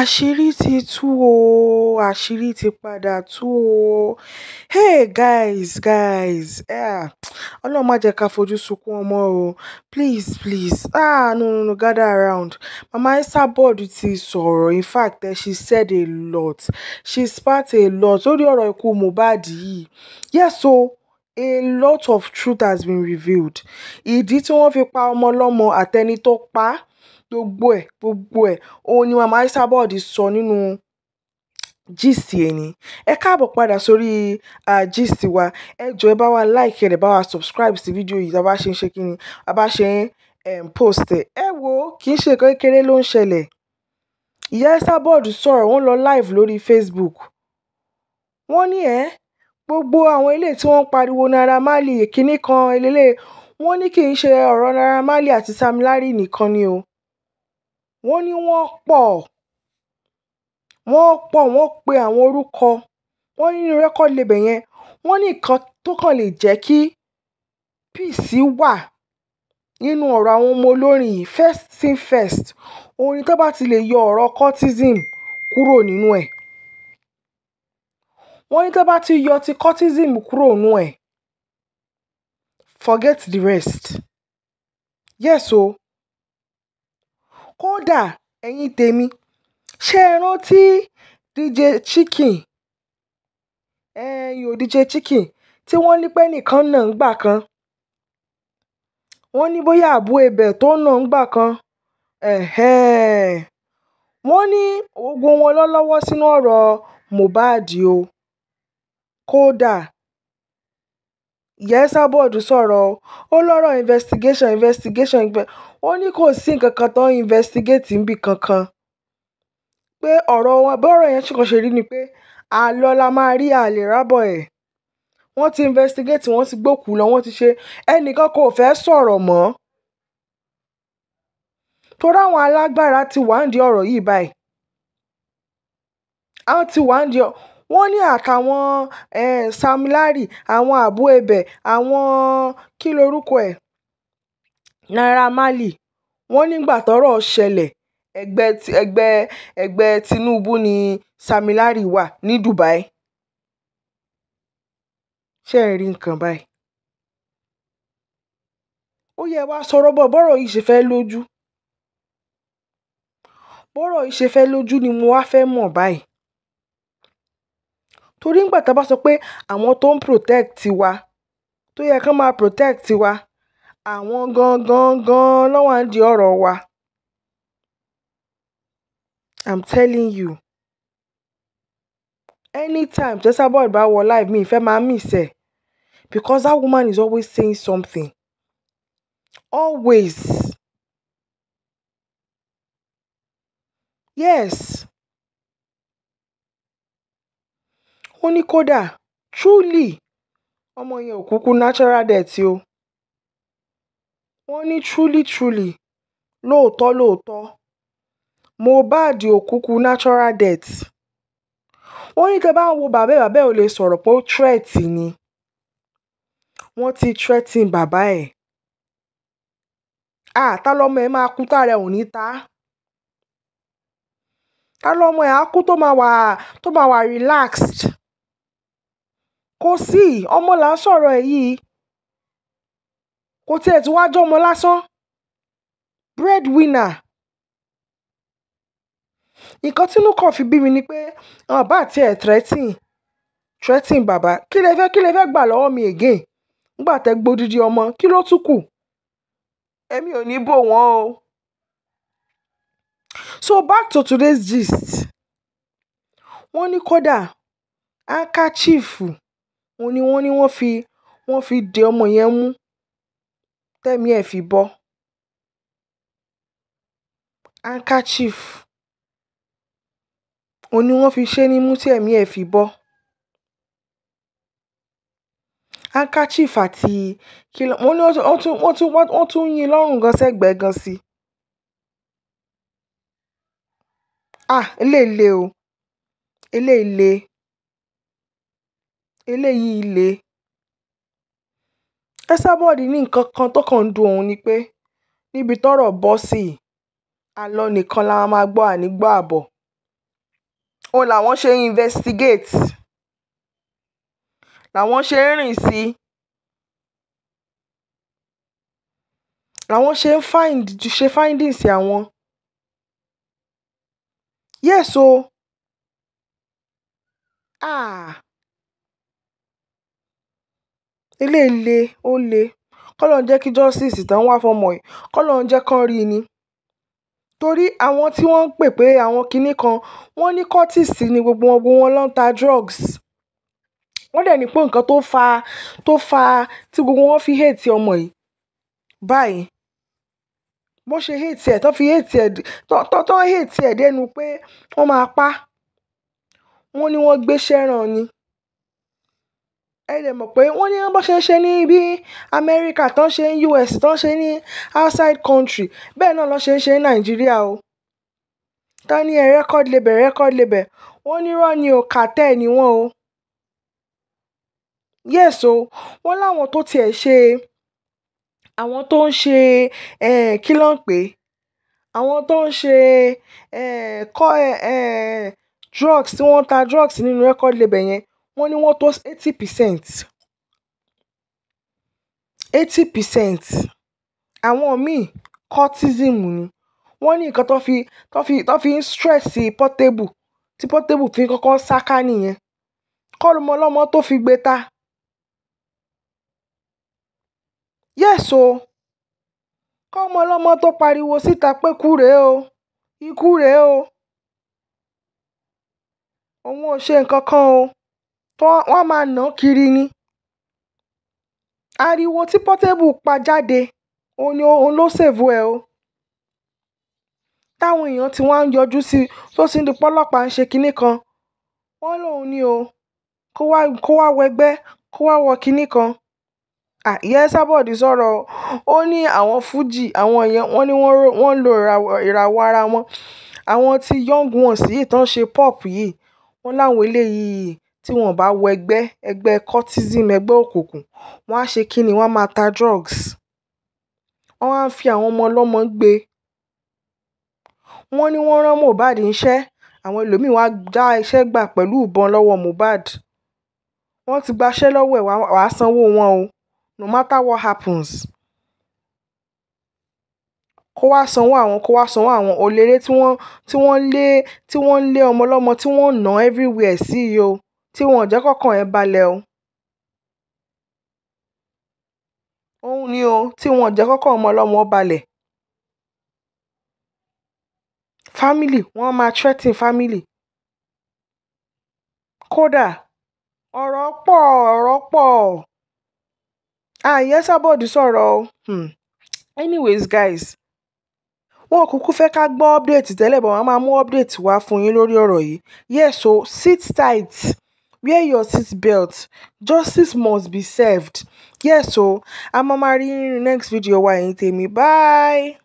àṣírí ti tú o àṣírí ti padà tú o hey guys guys ah ọlọ́run má jẹ́ ká fojú sunkún ọmọ o please please ah no no no gather around mama Esabod ti sọ̀rọ̀ in fact eh, she said a lot she spat a lot lórí ọ̀rọ̀ ikú Mohbad yìí yes o. So, a lot of truth has been revealed ìdí tí wọ́n fi pa ọmọ ọlọ́mọ àtẹni tó pa á gbogbo ẹ̀ gbogbo ẹ̀ òun ni Mama Ichabod sọ nínú gist ẹni ẹ káàbọ̀ padà sórí gist wa ẹ jọ̀ọ́ ẹ bá wa like ẹ bá wa subscribe sí fídíò yìí tá a bá ṣe ń ṣe kíni bá ṣe ń post ẹ ẹ wo kì í ṣe kékeré ló ń ṣẹlẹ̀ ìyá Ichabod sọ̀rọ̀ wọ́n lọ live lórí Facebook wọ́n ní ẹ gbogbo àwọn ilé tí wọ́n ń pariwo Naira Marley kínní kan eléyè wọ́n ní kì í ṣe ọ̀rọ̀ Naira Marley àti Sam Larry nìkan ni o wọ́n ní wọ́n pọ̀ wọ́n pọ̀ wọ́n pe àwọn orúkọ wọ́n nínú record label yẹn wọ́n ní nǹkan tó kàn lè jẹ́ kí peace wà nínú ọ̀rọ̀ àwọn ọmọ olórin yìí first thing first orin tó bá ti lè yọ ọ̀rọ̀ cultism kúrò nínú ẹ̀ wọ́n ní tó bá ti yọ ti cultism kúrò nínú ẹ̀ forget the rest yes o. So, kódà ẹ̀yin tèmi ṣé ẹ rántí dj chicken ẹ̀yin ò dj chicken tí wọ́n ní pé nìkan náà ń gbà kan wọ́n ní bóyá àbú ebè tó náà ń gbà kan wọ́n ní gbogbo wọn lọ́lọ́wọ́ sínú ọ̀rọ̀ Mohbad o kódà yẹ́sàbọ́ọ̀dù sọ̀rọ̀ ó lọ́rọ̀ investigation investigation ó ní kò sí nǹkan kan tó ń investigate níbi kankan pé ọ̀rọ̀ wọn bọ́ọ̀rọ̀ yẹn ṣùkọ́ ṣe rí ni pé àlọ́ la máa rí àlè rábọ̀ ẹ̀ wọ́n ti investigate wọ́n ti gbókù lọ wọ́n ti ṣe ẹnìkan kò fẹ́ sọ̀rọ̀ mọ́ torí àwọn alágbára ti wá ń di ọ̀rọ̀ yìí báyìí àwọn ti wá ń di ọ̀rọ̀ wọ́n ní àtàwọn um àwọn abu ebè àwọn kí lorúkọ ẹ̀ naira marley wọ́n nígbà tọ́rọ̀ ṣẹlẹ̀ ẹgbẹ́ ẹgbẹ́ tinubu ni sam wà ní dubai ṣé ẹ rí nǹkan báyìí ó yẹ wá sọ̀rọ̀ bọ̀ bọ́rọ̀ yìí ṣe fẹ́ lójú bọ́rọ̀ yìí ṣe fẹ́ lójú ni mo wá fẹ́ mọ̀ báyìí torí ńgbà tá a bá sọ pé àwọn tó ń protect wa tó yẹ kán máa protect wa àwọn gangan gan ló wà ń di ọ̀rọ̀ wa i'm telling you anytime Jezebel bá wọ live mi ìfẹ́ máa miss ẹ̀ because that woman is always saying something always yes. ó ní kódà truly ọmọ yẹn ò kúkú natural death o wọ́n ní truly truly lóòótọ́ lóòótọ́ Mohbad ò kúkú natural death wọ́n ní tẹ́ bá ń wo bàbá bàbá ò lè sọ̀rọ̀ pé ó threat ni wọ́n ti threaten bàbá ẹ̀ àtá lọ́mọ ẹ̀ máa kú tára ò ní ta tá lọ́mọ ẹ̀ á kú tó máa wà tó máa wà relaxed kò sí ọmọ là ń sọ̀rọ̀ ẹ̀ yìí kò tiẹ̀ tí wàá jọmọ lásán breadwinner nǹkan tínú kàn fi bí mi ni pé àwọn bá tiẹ̀ threatening threatening bàbá kí lè fẹ́ kí lè fẹ́ gbà lọ́wọ́ mi again nígbà tẹ́ gbódìdí ọmọ kí ló tún kù èmi ò ní bò wọ́n o. so back to today's gist wọ́n ní kódà ankachifu òun ni wọ́n ní wọ́n fi wọ́n fi de ọmọ yẹn mú tẹ́mi ẹ̀ fi bọ́ handkerchief òun ni wọ́n fi ṣe ní mú tí ẹ̀mí ẹ̀ fi bọ́ handkerchief àti kìlọ̀ wọ́n ní wọ́n tún wọ́n tún wọ́n tún yín lọ́rùn gan sẹ́gbẹ̀ẹ́ gan sí i ah eléyìí le o eléyìí le eléyìí le Ẹsábọ́ọ̀dì ní nǹkan kan tó kàn ń dùn òun ni pé níbi tọ́rọ̀ bọ́ sí i àlọ nìkan la máa gbọ́ ànígbọ́ àbọ̀ òun làwọn ṣe investigate làwọn ṣe ń rìn sí i làwọn ṣe ń find ṣe findings àwọn yes o ah eléyìí le ó le kọ́lọ́run jẹ́ kí justice tán wá fọmọ yìí kọ́lọ́run jẹ́ kán rí i ni torí àwọn tí wọ́n ń pè pé àwọn kinní kan wọ́n ní cortis ni gbogbo wọn gbogbo wọn ló ń ta drugs wọ́n dẹ̀ ní pé nǹkan tó fa tó fa tí gbogbo wọn fi hate ọmọ yìí báyìí bó ṣe hate ẹ̀ tó fi hate ẹ̀ tó tó hate ẹ̀ dẹnu pé wọ́n máa pa wọ́n ní wọ́n gbé ṣẹ́ràn ni ẹ dẹ̀ mọ̀ pé wọ́n ní bó ṣe ń ṣe ní bí amẹ́ríkà tán ṣe ní us tán ṣe ní outside country bẹ́ẹ̀ náà lọ́ ṣe ń ṣe ní nàìjíríà o tán ní ẹ record label record label wọ́n ní rọ́ ni o cartel ni wọ́n o yes o wọ́n láwọn tó tiẹ̀ ṣe àwọn tó ń ṣe kí ló ń pè àwọn tó ń ṣe drugs tí wọ́n ta drugs nínú record label yẹn wọ́n ní wọ́n tó eighty percent eighty percent àwọn míì cortism ni wọ́n ní nǹkan tó fi tó fi tó fi ń stress portable tí portable fi kọ́kọ́ sáká nìyẹn kọ́lùmọ́lọ́mọ tó fi gbé ta yes o kọ́mọlọ́mọ tó pariwo síta pé kú rèé o ikú rèé o òun ò ṣe nǹkan kan o wọ́n máa ná kiri ni ariwo tí Portable pa jáde òun ló ṣèwọ́ ẹ̀ o táwọn èèyàn tí wọ́n á ń yọjú sí i tó sì ń di pọ́lọ́pàá ń ṣe kinní kan wọ́n lòun ni o kó wá kó wá wẹgbẹ́ kó wá wọ kinní kan àyẹ́ sábọ̀dì sọ̀rọ̀ ó ní àwọn fújì àwọn èèyàn wọ́n ní wọ́n lo ìràwọ̀ ara wọn àwọn tí young ones yìí tán ṣe pop yìí wọ́n láwọn eléyìí tí wọ́n bá wọ ẹgbẹ́ ẹgbẹ́ cultism ẹgbẹ́ òkùnkùn wọ́n á ṣe kí ni wọ́n á máa ta drugs wọ́n á fi àwọn ọmọ ọlọ́mọ gbé wọ́n ní wọ́n rán Mohbad níṣẹ́ àwọn ẹlòmíín wàá já iṣẹ́ gbà pẹ̀lú ìbọn lọ́wọ́ Mohbad wọ́n ti gbaṣẹ́ lọ́wọ́ ẹ̀ wàá sanwó wọn o no matter what happens kó wá sanwó àwọn kó wá sanwó àwọn òléré tí wọ́n tí wọ́n lé tí wọ́n lé ọmọ ọlọ́mọ tí wọ́n nà everywhere sí yìí o tí wọn ò jẹ́ kọ́kàn ẹ o òun ni o tí wọn ò jẹ́ kọ́kàn ọmọ family wọ́n máa threaten family kódà ọ̀rọ̀ pọ̀ ọ̀rọ̀ pọ̀ àyẹ́ sábọ̀dù sọ̀rọ̀ o hmm. anyways guys wọn kúkú fẹ́ ká gbọ́ update tẹ́lẹ̀ bọ̀ wọ́n máa mú update wá fún yín lórí ọ̀rọ̀ yìí yes o sit tight wear your seatbelt justice must be served yes o a máa máa next video Why, ẹ̀yin tèmi bye.